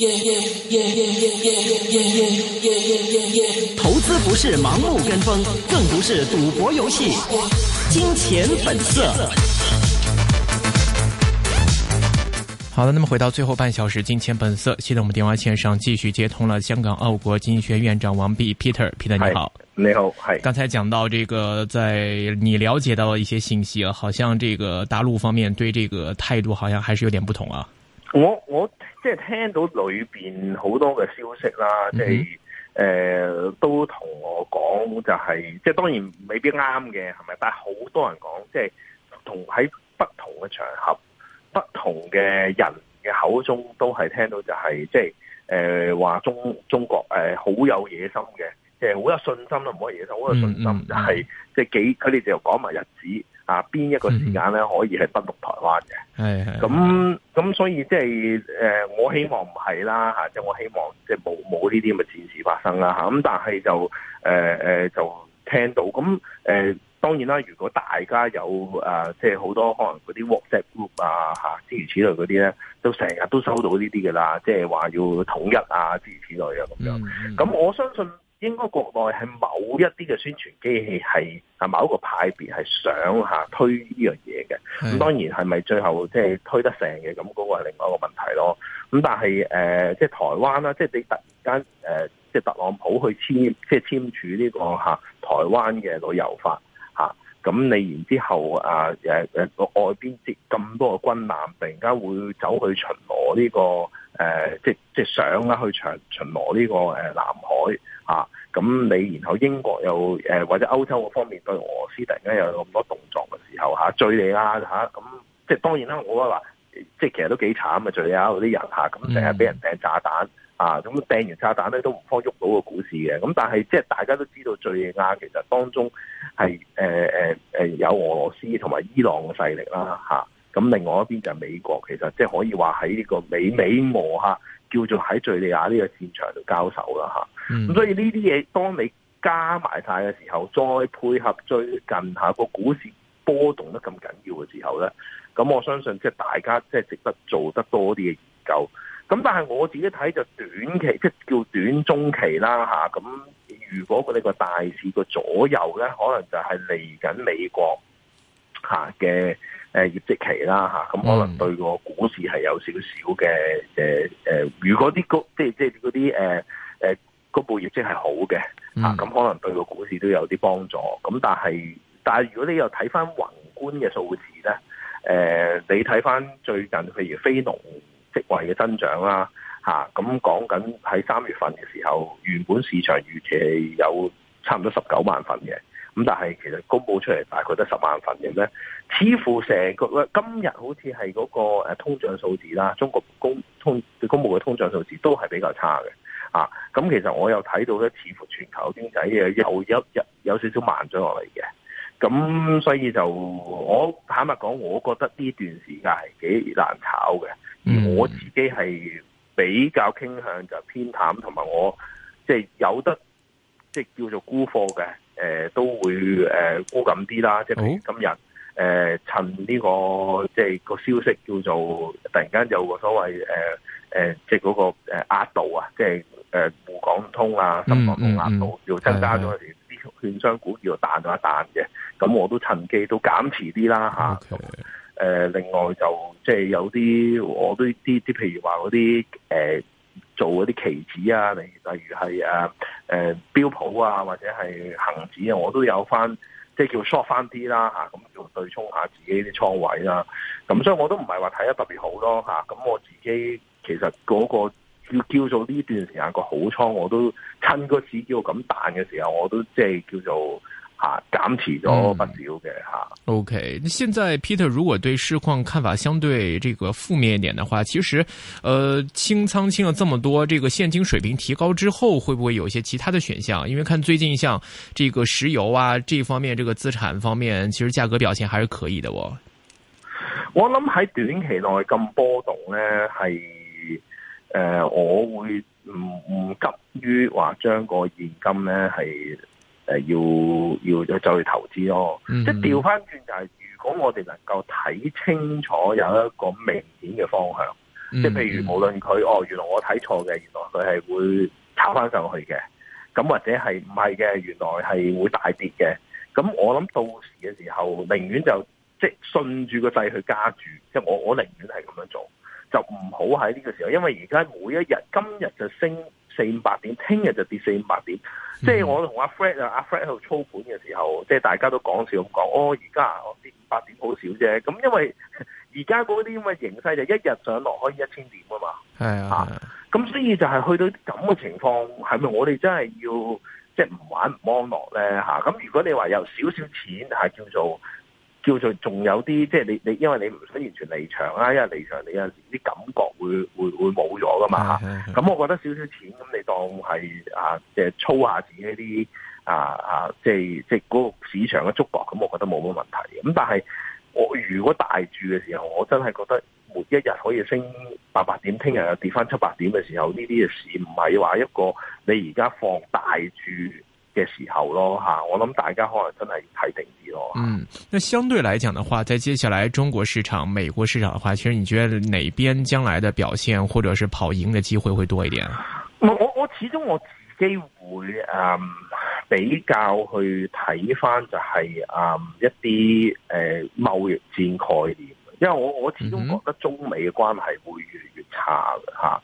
Yeah, yeah, yeah, yeah, yeah, yeah, yeah, yeah. 投資不是盲目跟風，更不是賭博遊戲。金錢本色。好了，那麼回到最後半小時，《金錢本色》。現在我們電話線上繼續接通了香港澳國經濟學院院長王弼 Peter，Peter，Peter，你好，你好，是。剛才講到這個，在你了解到的一些信息啊，好像這個大陸方面對這個態度好像還是有點不同啊。我我。即係聽到裏邊好多嘅消息啦，即係誒都同我講就係，即係當然未必啱嘅，係咪？但係好多人講，即係同喺不同嘅場合、不同嘅人嘅口中都係聽到，就係即係誒話中中國誒好有野心嘅。誒，好有信心都唔可以嘢，好有信心嗯嗯嗯就係，即係幾佢哋就講埋日子啊，邊一個時間咧可以係登陸台灣嘅。係、嗯、係、嗯嗯，咁咁所以即係誒，我希望唔係啦吓，即我希望即係冇冇呢啲咁嘅戰事發生啦吓。咁但係就誒誒、呃、就聽到，咁誒、呃、當然啦，如果大家有啊、呃，即係好多可能嗰啲 WhatsApp group 啊吓，諸如此類嗰啲咧，都成日都收到呢啲嘅啦，即係話要統一啊，諸如此類啊咁樣。咁、嗯嗯、我相信。應該國內係某一啲嘅宣傳機器係某一個派別係想推呢樣嘢嘅，咁當然係咪最後即係推得成嘅？咁、那、嗰個係另外一個問題咯。咁但係即係台灣啦，即，即係你突然間、呃、即係特朗普去簽即係簽署呢、這個、啊、台灣嘅旅遊法、啊咁你然之後啊，啊，啊外邊接咁多個軍艦，突然間會走去巡邏呢、呢個誒、呃，即即上啦去巡巡邏呢個南海啊。咁你然後英國又、啊、或者歐洲嗰方面對俄羅斯突然間又有咁多動作嘅時候嚇，追你啊咁。即當然啦，我覺得話即其實都幾慘啊，追你啊嗰啲、啊啊、人嚇，咁成日俾人掟炸彈。啊，咁掟完炸彈咧都唔方喐到個股市嘅，咁但係即係大家都知道敍利亞其實當中係誒、呃呃、有俄羅斯同埋伊朗嘅勢力啦，咁、啊、另外一邊就係美國，其實即係可以話喺呢個美美俄嚇叫做喺敍利亞呢個戰場度交手啦，咁、啊嗯、所以呢啲嘢，當你加埋晒嘅時候，再配合最近下個股市波動得咁緊要嘅時候咧，咁我相信即係大家即係值得做得多啲嘅研究。咁但係我自己睇就短期即係叫短中期啦嚇，咁、啊、如果佢哋個大市個左右咧，可能就係嚟緊美國嘅誒業績期啦嚇，咁、啊、可能對個股市係有少少嘅誒、呃、如果啲即係即係嗰啲誒誒公布業績係好嘅嚇，咁、啊、可能對個股市都有啲幫助。咁、啊、但係但係如果你又睇翻宏觀嘅數字咧，誒、呃、你睇翻最近譬如非農。職位嘅增長啦，吓，咁講緊喺三月份嘅時候，原本市場預期有差唔多十九萬份嘅，咁但係其實公布出嚟大概得十萬份嘅咧，似乎成個今日好似係嗰個誒通脹數字啦，中國公通公布嘅通脹數字都係比較差嘅，啊，咁其實我有睇到咧，似乎全球經濟嘅又一有有少少慢咗落嚟嘅。咁所以就我坦白講，我覺得呢段時間係幾難炒嘅。而、嗯、我自己係比較傾向就偏淡，同埋我即係、就是、有得即係、就是、叫做沽貨嘅，誒、呃、都會誒沽緊啲啦。即係今日誒、呃、趁呢、這個即係、就是、個消息，叫做突然間有個所謂誒誒即係嗰個誒額度啊，即係誒滬港通啊、深港通額度又、嗯嗯嗯、增加咗啲券商股要彈彈，要彈咗一彈嘅。咁我都趁機都減持啲啦嚇。誒、okay. 啊，另外就即係、就是、有啲我都啲啲，譬如話嗰啲誒做嗰啲期指啊，例如例如係誒誒標普啊，或者係恒指啊，我都有翻即係叫 short 翻啲啦嚇，咁、啊、叫對沖下自己啲倉位啦、啊。咁所以我都唔係話睇得特別好咯嚇。咁、啊、我自己其實嗰、那個叫、叫做呢段時間個好倉，我都趁個市叫咁彈嘅時候，我都即係、就是、叫做。吓、啊，減持咗不少嘅吓。嗯，OK，現在 Peter 如果對市況看法相對這個負面一點的話，其實，呃，清倉清咗這麼多，這個現金水平提高之後，會不會有一些其他的選項？因為看最近像這個石油啊，這方面，這個資產方面，其實價格表現還是可以的哦。我諗喺短期內咁波動呢，係，誒、呃，我會唔唔急於話將個現金呢係。誒，要要再去投資咯，即係調翻轉就係、是，如果我哋能夠睇清楚有一個明顯嘅方向，即係譬如無論佢哦，原來我睇錯嘅，原來佢係會插翻上去嘅，咁或者係唔係嘅，原來係會大跌嘅，咁我諗到時嘅時候，寧願就即係順住個勢去加住，即係我我寧願係咁樣做，就唔好喺呢個時候，因為而家每一日今日就升四五百點，聽日就跌四五百點，嗯、即係我同阿 Fred 啊，阿 Fred 喺度操盤嘅時候，即係大家都講笑咁講，哦，而家跌五百點好少啫，咁因為而家嗰啲咁嘅形勢，就一日上落可以一千點嘛啊嘛，啊啊，就是，啊，咁所以就係去到咁嘅情況，係咪我哋真係要即係唔玩唔安樂咧？吓，咁如果你話有少少錢係叫做。叫做仲有啲，即係你你，因為你唔使完全離場啦，因為離場你有時啲感覺會會會冇咗㗎嘛，咁我覺得少少錢咁，你當係啊，即係操下自己啲啊啊，即係即係嗰個市場嘅觸覺，咁我覺得冇乜問題。咁但係我如果大注嘅時候，我真係覺得每一日可以升八八點，聽日又跌翻七八點嘅時候，呢啲嘅市唔係話一個你而家放大注。嘅時候咯吓，我諗大家可能真係睇定啲咯。嗯，那相對來講的話，在接下來中國市場、美國市場的話，其實你覺得哪邊將來的表現，或者是跑贏的機會會多一點？我我我始終我自己會誒、嗯、比較去睇返就係、是、誒、嗯、一啲誒、呃、貿易戰概念，因為我我始終覺得中美嘅關係會越嚟越差嘅吓。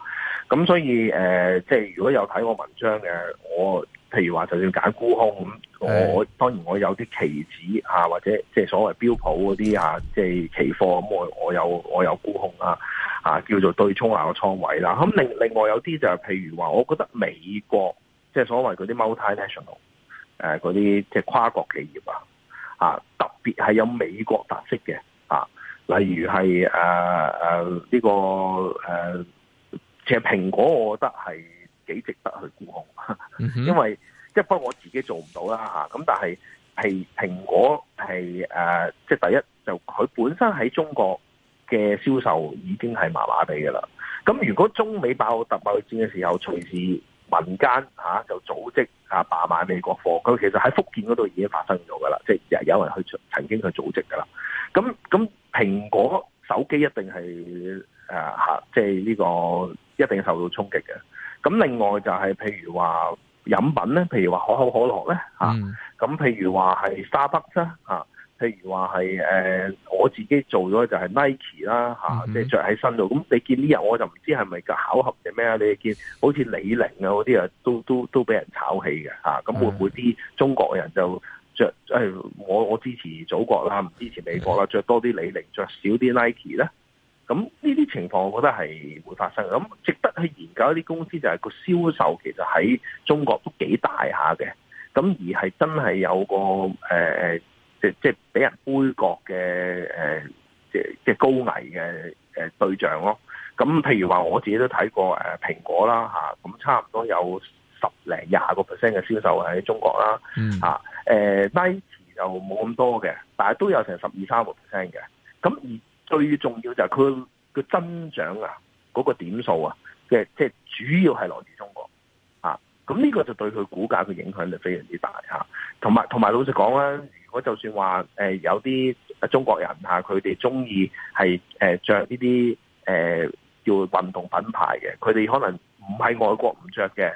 咁所以誒、呃，即係如果有睇我文章嘅，我譬如話，就要揀沽空咁，我當然我有啲期指啊，或者即係所謂標普嗰啲啊，即係期貨咁、啊，我有我有我有沽空啊，啊叫做對沖下個倉位啦。咁、啊、另另外有啲就係、是、譬如話，我覺得美國即係所謂嗰啲 multinational 誒、啊、嗰啲即係跨國企業啊，啊特別係有美國特色嘅啊，例如係誒呢個誒。啊其實蘋果我覺得係幾值得去沽空，嗯，因為即係不過我自己做唔到啦吓，咁但係係蘋果係誒、呃，即係第一就佢本身喺中國嘅銷售已經係麻麻地嘅啦。咁如果中美爆特貿戰嘅時候，隨時民間吓、啊、就組織啊罷買美國貨，佢其實喺福建嗰度已經發生咗噶啦，即係有有人去曾經去組織噶啦。咁咁蘋果手機一定係。誒、啊、吓，即係呢個一定受到衝擊嘅。咁另外就係譬如話飲品咧，譬如話可口可樂咧，吓、嗯、咁、啊、譬如話係沙克啦，吓、啊、譬如話係誒我自己做咗就係 Nike 啦、啊，吓即係着喺身度。咁你見呢日我就唔知係咪個巧合定咩啊？你見好似李寧啊嗰啲啊，都都都俾人炒起嘅吓。咁會唔會啲中國人就着誒、哎？我我支持祖國啦，唔支持美國啦，着、嗯、多啲李寧，着少啲 Nike 咧？咁呢啲情況，我覺得係會發生。咁值得去研究一啲公司，就係個銷售其實喺中國都幾大下嘅。咁而係真係有個誒、呃、即即俾人杯葛嘅、呃、即即高危嘅對象咯。咁譬如話，我自己都睇過蘋果啦嚇，咁、啊、差唔多有十零廿個 percent 嘅銷售喺中國啦嚇。誒 Nike 就冇咁多嘅，但係都有成十二三個 percent 嘅。咁、啊、而最重要就係佢個增長啊，嗰、嗰個點數啊，即係即係主要係來自中國啊。咁呢個就對佢股價嘅影響力非常之大嚇。同埋同埋，老實講啦，如果就算話誒、呃、有啲中國人嚇，佢哋中意係誒著呢啲誒叫運動品牌嘅，佢哋可能唔係外國唔着嘅，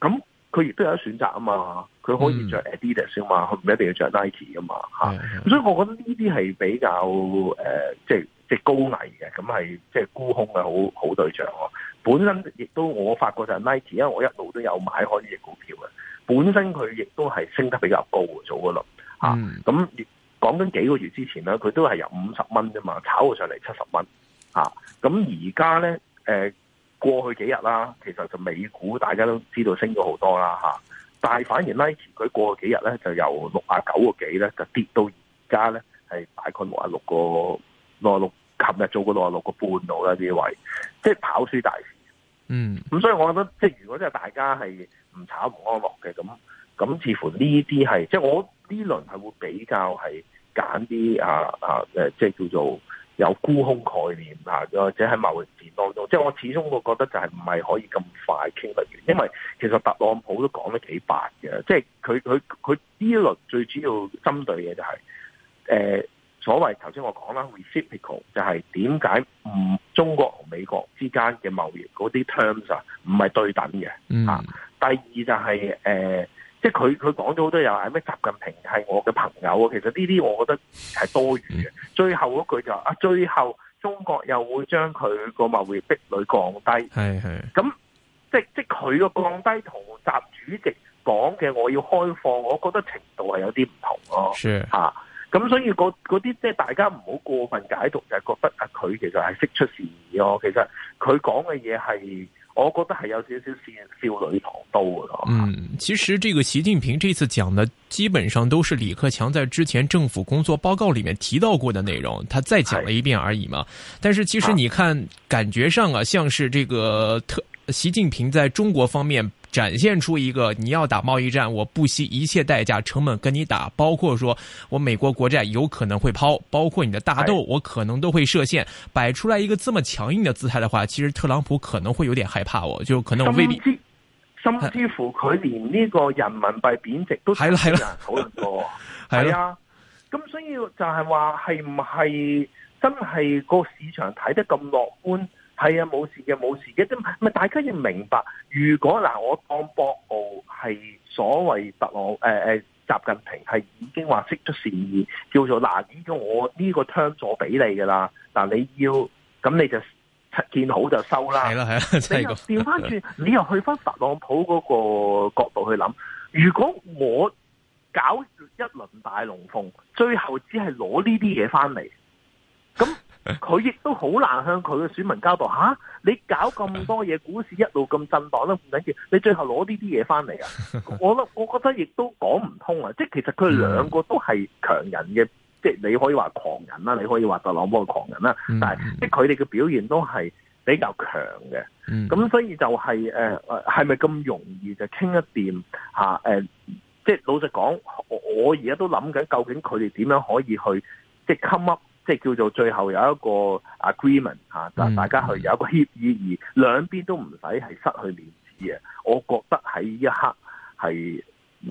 咁佢亦都有得選擇啊嘛。佢可以着 Adidas 啊嘛，佢唔一定要着 Nike 啊嘛嚇。係係係咁所以，我覺得呢啲係比較誒、呃，即係。即係高危嘅，咁係即係沽空嘅好好對象喎。本身亦都我發覺就係 Nike，因為我一路都有買開呢隻股票嘅。本身佢亦都係升得比較高嘅早輪，嚇、嗯。咁亦講緊幾個月之前咧，佢都係由五十蚊啫嘛，炒到上嚟七十蚊，嚇、啊。咁而家咧，誒、啊、過去幾日啦，其實就美股大家都知道升咗好多啦、啊，但係反而 Nike 佢過去幾日咧，就由六啊九個幾咧，就跌到而家咧係大概六啊六個。六啊六，琴日做過六啊六個半度啦，呢位即係跑輸大市。嗯，咁所以我覺得，即係如果即係大家係唔炒唔安樂嘅，咁咁似乎呢啲係，即係我呢輪係會比較係揀啲啊啊，誒、啊，即係叫做有沽空概念啊，或者喺貿易戰當中，即係我始終我覺得就係唔係可以咁快傾得完，因為其實特朗普都講得幾白嘅，即係佢佢佢呢輪最主要針對嘅就係、是、誒。呃所謂頭先我講啦，reciprocal 就係點解唔中國同美國之間嘅貿易嗰啲 terms 啊，唔係對等嘅。嗯。啊。第二就係、是、誒、呃，即係佢佢講咗好多又係咩習近平係我嘅朋友啊，其實呢啲我覺得係多餘嘅。嗯。最後嗰句就話啊，最後中國又會將佢個貿易壁壘降低。係係。咁即係即係佢個降低同習主席講嘅我要開放，我覺得程度係有啲唔同咯。是。啊咁所以嗰嗰啲即係大家唔好過分解讀，就覺得啊佢其實係識出事兒咯。其實佢講嘅嘢係，我覺得係有少少笑裏藏刀嘅。嗯，其實這個習近平這次講的基本上都是李克強在之前政府工作報告裏面提到過的內容，他再講了一遍而已嘛。但是其實你看，感覺上啊，像是這個特習近平在中國方面。展現出一個你要打貿易戰，我不惜一切代價、成本跟你打，包括說我美國國債有可能會拋，包括你的大豆，我可能都會設限，擺出來一個這麼強硬的姿態的話，其實特朗普可能會有點害怕，我就可能未必。甚至甚至乎，佢連呢個人民幣貶值都係啦係啦討論過，係 啊， 咁所以就係話係唔係真係個市場睇得咁樂觀？係啊，冇事嘅，冇事嘅。大家要明白，如果嗱、啊，我當博奧係所謂特朗誒誒，習、呃、近平係已經話釋出善意，叫做嗱，呢、啊、個我呢個條件俾你噶啦。嗱、啊，你要咁你就見好就收啦。係啦係啦，真係調翻轉，你又， 你又去翻特朗普嗰個角度去諗，如果我搞一輪大龍鳳，最後只係攞呢啲嘢翻嚟，咁。 佢亦都好難向佢嘅選民交代，吓、啊、你搞咁多嘢，股市一路咁震盪啦，唔緊要，你最後攞呢啲嘢翻嚟啊？我我我覺得亦都講唔通啊！即係其實佢兩個都係強人嘅、嗯，即係你可以話狂人啦，你可以話特朗普嘅狂人啦、嗯，但係即係佢哋嘅表現都係比較強嘅。咁、嗯、所以就係、是、誒，係咪咁容易就傾一掂吓？誒、啊呃，即係老實講，我而家都諗緊究竟佢哋點樣可以去即係 come up。即係叫做最後有一個 agreement 吓，就大家去有一個協議，而兩邊都唔使係失去面子嘅。我覺得喺呢一刻係。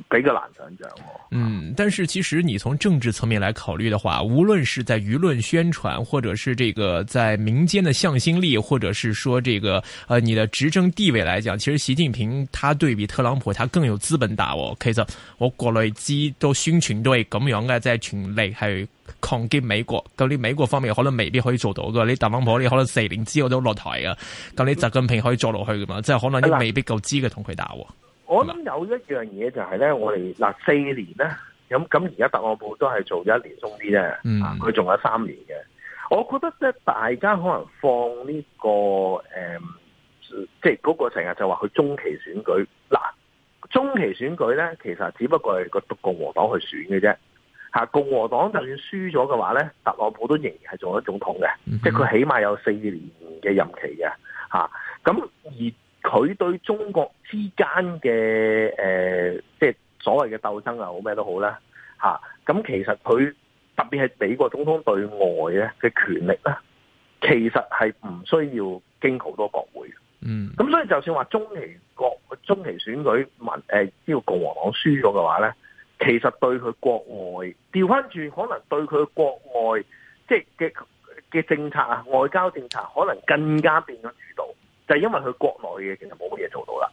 比較難想象喎。嗯，但是其實你從政治層面來考慮的話，無論是在輿論宣傳，或者是這個在民間的向心力，或者是說這個，呃，你的執政地位來講，其實習近平他對比特朗普，他更有資本打喎。其實我國內基都宣傳都係咁樣嘅，即係全力係抗擊美國。咁你美國方面可能未必可以做到噶。你特朗普你可能四年之後都落台啊。咁你習近平可以坐落去噶嘛？即係可能你未必夠資格同佢打。嗯我諗有一樣嘢就係咧，我哋嗱四年咧，咁咁而家特朗普都係做咗一年中啲啫，佢、mm、仲 -hmm. 有三年嘅。我覺得咧，大家可能放呢、這個誒、嗯，即係嗰、那個成日就話佢中期選舉，嗱，中期選舉咧，其實只不過係個共和黨去選嘅啫，吓，共和黨就算輸咗嘅話咧，特朗普都仍然係做咗總統嘅，mm -hmm. 即係佢起碼有四年嘅任期嘅，吓、啊，咁而。佢對中國之間嘅誒即係所謂嘅鬥爭又好咩都好啦吓，咁、啊、其實佢特別係美國總統對外咧嘅權力咧，其實係唔需要經好多國會，嗯。咁所以就算話中期國中期選舉民誒呢個共和黨輸咗嘅話咧，其實對佢國外調翻轉可能對佢國外即係嘅嘅政策啊，外交政策可能更加變咗主動。就係因為佢國內嘅嘢其實冇乜嘢做到啦，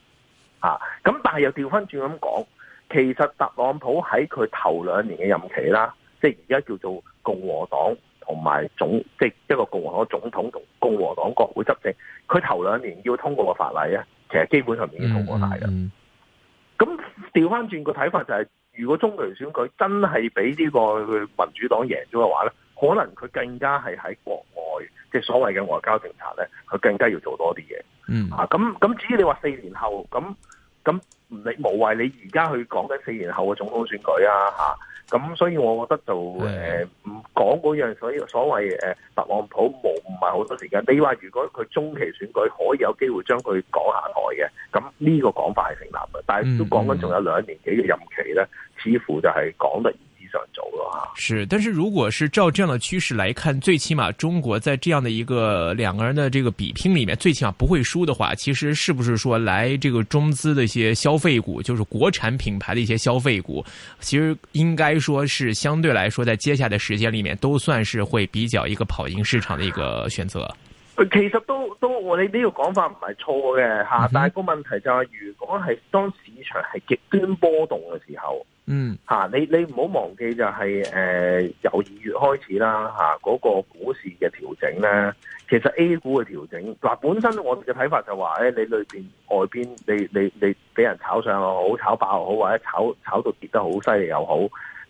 啊咁，但係又調翻轉咁講，其實特朗普喺佢頭兩年嘅任期啦，即係而家叫做共和黨同埋總，即係一個共和黨總統同共和黨國會執政，佢頭兩年要通過個法例啊，其實基本上已經通過晒㗎。咁調翻轉個睇法就係，如果中期選舉真係俾呢個民主黨贏咗嘅話咧，可能佢更加係喺國外。即係所謂嘅外交政策咧，佢更加要做多啲嘢。嗯啊，咁咁至於你話四年後，咁咁你無謂你而家去講緊四年後嘅總統選舉啊，嚇、啊、咁，所以我覺得就誒唔講嗰樣所以所謂誒、呃、特朗普冇唔係好多時間。你話如果佢中期選舉可以有機會將佢講下台嘅，咁呢個講法係成立嘅，但係都講緊仲有兩年幾嘅任期咧、嗯，似乎就係講得。了是，但是如果是照這樣的趨勢來看，最起碼中國在這樣的一個兩個人的這個比拼裏面，最起碼不會輸的話，其實是不是說來這個中資的一些消費股，就是國產品牌的一些消費股，其實應該說是相對來說在接下來的時間裏面，都算是會比較一個跑贏市場的一個選擇。其實都都，我哋呢個講法唔係錯嘅吓，但係個問題就係，如果係當市場係極端波動嘅時候。嗯，吓你你唔好忘記就係、是、誒、呃、由二月開始啦吓嗰、啊那個股市嘅調整咧，其實 A 股嘅調整嗱，本身我哋嘅睇法就話、是、誒你裏邊外邊，你你你俾人炒上又好，炒爆又好，或者炒炒到跌得好犀利又好，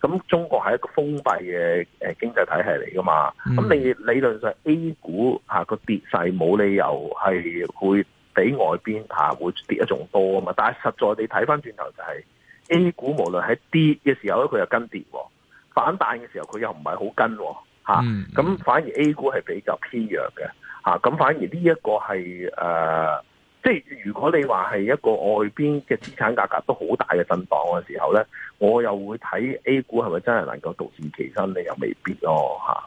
咁中國係一個封閉嘅誒經濟體系嚟噶嘛，咁、嗯、你理論上 A 股吓、啊那個跌勢冇理由係會比外邊吓、啊、會跌得仲多啊嘛，但係實在你睇翻轉頭就係、是。A 股無論喺跌嘅時候咧，佢又跟跌；反彈嘅時候，佢又唔係好跟，吓、啊、咁反而 A 股係比較偏弱嘅，吓、啊、咁反而呢一個係誒、呃，即係如果你話係一個外邊嘅資產價格都好大嘅震蕩嘅時候咧，我又會睇 A 股係咪真係能夠獨善其身？你又未必咯、啊，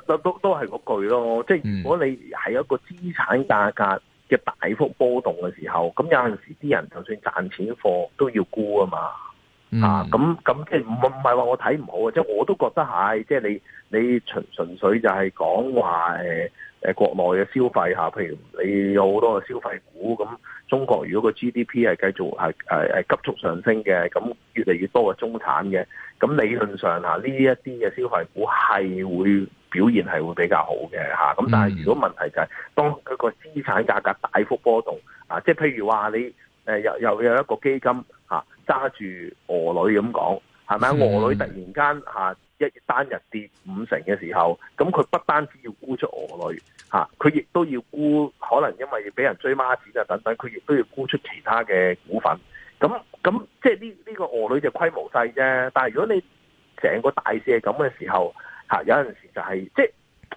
都都都係嗰句咯，即係如果你係一個資產價格嘅大幅波動嘅時候，咁有陣時啲人就算賺錢貨都要沽啊嘛，啊咁咁即係唔唔係話我睇唔好啊，好即係我都覺得係，即係你你純純粹就係講話誒誒國內嘅消費吓，譬如你有好多嘅消費股，咁中國如果個 GDP 係繼續係係、呃、急速上升嘅，咁越嚟越多嘅中產嘅，咁理論上吓呢一啲嘅消費股係會。表現係會比較好嘅嚇，咁但係如果問題就係、是嗯、當佢個資產價格大幅波動啊，即係譬如話你誒又又有一個基金嚇揸住鵝女咁講，係咪啊？鵝女、嗯、女突然間嚇、啊、一單日跌五成嘅時候，咁佢不單止要沽出鵝女嚇，佢、啊、亦都要沽，可能因為俾人追孖錢啊等等，佢亦都要沽出其他嘅股份。咁咁即係呢呢個鵝女就規模細啫，但係如果你成個大市係咁嘅時候。嚇有陣時就係、是、即係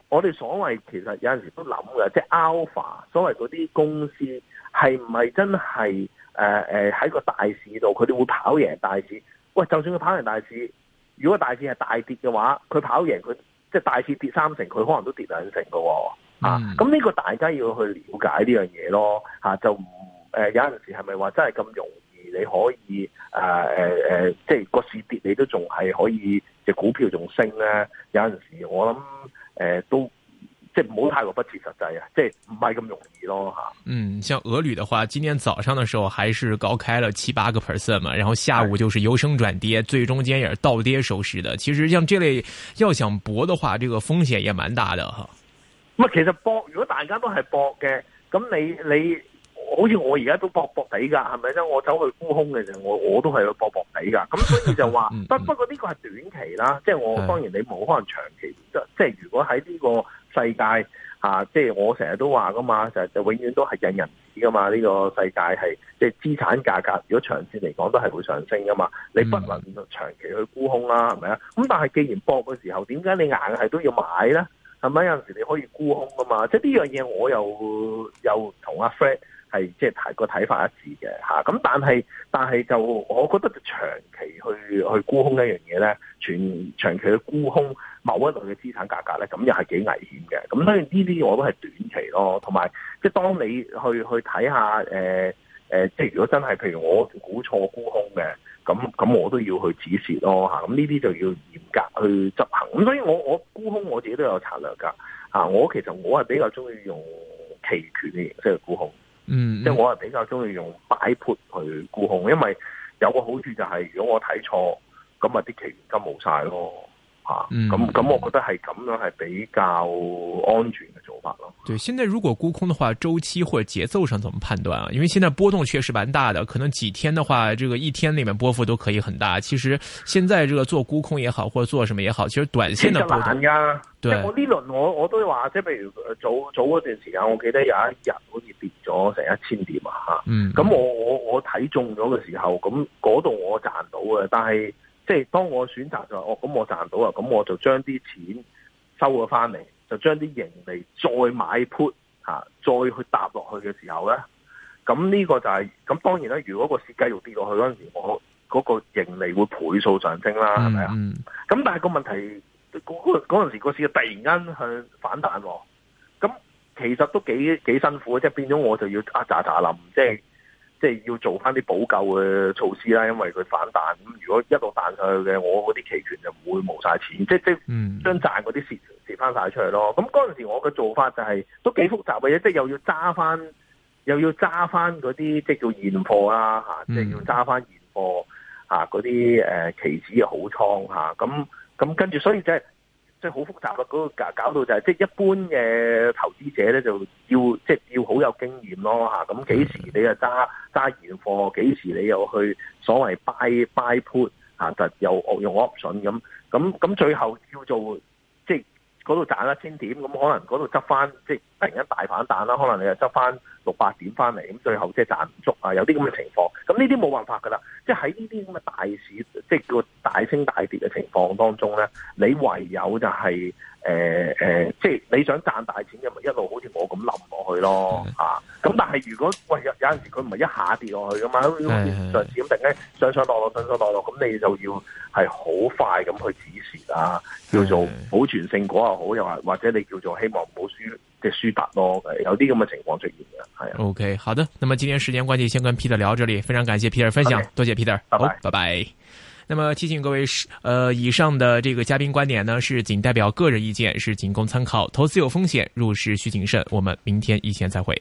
我哋所謂其實有陣時都諗嘅，即係 Alpha 所謂嗰啲公司係唔係真係誒誒喺個大市度，佢哋會跑贏大市。喂，就算佢跑贏大市，如果大市係大跌嘅話，佢跑贏佢即係大市跌三成，佢可能都跌兩成㗎喎、哦。嗯、啊，咁呢個大家要去了解呢樣嘢咯。嚇、啊、就唔誒、呃、有陣時係咪話真係咁容易你可以啊誒誒，即係個市跌你都仲係可以。股票仲升咧，有陣時我諗誒、呃、都即係唔好太過不切實際啊！即係唔係咁容易咯吓。嗯，像俄旅的話，今天早上的時候還是高開了七八個 percent 嘛，然後下午就是由升轉跌，最中間也是倒跌收市的。其實像這類要想博的話，這個風險也蠻大的哈。其實博，如果大家都係博嘅，咁你你。你好似我而家都搏搏地噶，係咪先？我走去沽空嘅時候，我我都係去搏搏地噶。咁所以就話 不不過呢個係短期啦，即、就、係、是、我 當然你冇可能長期即係。就是、如果喺呢個世界吓，即、啊、係、就是、我成日都話噶嘛，就就永遠都係引人啲噶嘛。呢、這個世界係即係資產價格，如果長線嚟講都係會上升噶嘛。你不能長期去沽空啦，係咪啊？咁 但係既然搏嘅時候，點解你硬係都要買咧？係咪有陣時候你可以沽空噶嘛？即係呢樣嘢我又又同阿 Fred。係即係個睇法一致嘅吓，咁但係但係就我覺得長期去去沽空一樣嘢咧，全長期去沽空某一類嘅資產價格咧，咁又係幾危險嘅。咁當然呢啲我都係短期咯，同埋即係當你去去睇下誒誒、呃呃，即係如果真係譬如我估錯沽空嘅，咁咁我都要去止蝕咯吓，咁呢啲就要嚴格去執行。咁所以我我沽空我自己都有策略噶吓、啊，我其實我係比較中意用期權嘅形式去沽空。嗯，即係我係比較中意用擺盤去沽空，因為有個好處就係、是、如果我睇錯，咁啊啲期金冇晒咯，吓、嗯，咁咁我覺得係咁樣係比較安全嘅做法咯。對，現在如果沽空嘅話，周期或者節奏上怎麼判斷啊？因為現在波動確實蠻大的，可能幾天的話，這個一天裏面波幅都可以很大。其實現在這個做沽空也好，或者做什麼也好，其實短線就嘅波動。即係我呢輪我我都話，即係譬如早早嗰段時間，我記得有一日好似。先跌啊嚇！咁、嗯、我我我睇中咗嘅時候，咁嗰度我賺到嘅。但係即係當我選擇就係、是、哦，咁我賺到啊，咁我就將啲錢收咗返嚟，就將啲盈利再買 put 嚇、啊，再去搭落去嘅時候咧，咁呢個就係、是、咁當然啦，如果個市繼續跌落去嗰陣時，我嗰個盈利會倍數上升啦，係咪啊？咁、嗯嗯、但係個問題，嗰個嗰時個市突然間向反彈喎。其實都幾幾辛苦，即係變咗我就要呃炸炸冧，即係即係要做翻啲補救嘅措施啦，因為佢反彈。咁如果一路彈上去嘅，我嗰啲期權就唔會冇晒錢，即、嗯、即、就是、將賺嗰啲蝕蝕翻曬出嚟咯。咁嗰陣時我嘅做法就係、是、都幾複雜嘅，嘢，即係又要揸翻又要揸翻嗰啲即係叫現貨啦即、啊就是、要揸翻現貨嗰啲誒期指嘅好倉咁咁、啊、跟住所以即、就、係、是。即係好複雜啦，嗰個搞搞到就係，即係一般嘅投資者咧，就要即係要好有經驗咯嚇。咁幾時你又揸揸現貨？幾時你又去所謂 buy buy put 啊？又用 option 咁咁咁，最後叫做即係嗰度賺一千點，咁可能嗰度執翻即係。突然間大反彈啦，可能你又執翻六八點翻嚟，咁最後即係賺唔足啊，有啲咁嘅情況。咁呢啲冇辦法㗎啦，即係喺呢啲咁嘅大市，即係叫大升大跌嘅情況當中咧，你唯有就係、是、誒、呃、即係你想賺大錢嘅咪一路好似我咁冧落去咯吓。咁但係如果喂有有陣時佢唔係一下跌落去㗎嘛，上次咁突然間上上落落上上落落咁，你就要係好快咁去止蝕啊，叫做保全成果又好，又或者你叫做希望唔好輸。嘅抒達咯，有啲咁嘅情況出現嘅，係啊。OK，好的，那麼今天時間關係，先跟 Peter 聊到這裏，非常感謝 Peter 分享，okay, 多謝 Peter，bye bye 好，拜拜。那麼提醒各位是、呃，以上的這個嘉賓觀點呢，是僅代表個人意見，是僅供參考，投資有風險，入市需謹慎。我們明天一線再會。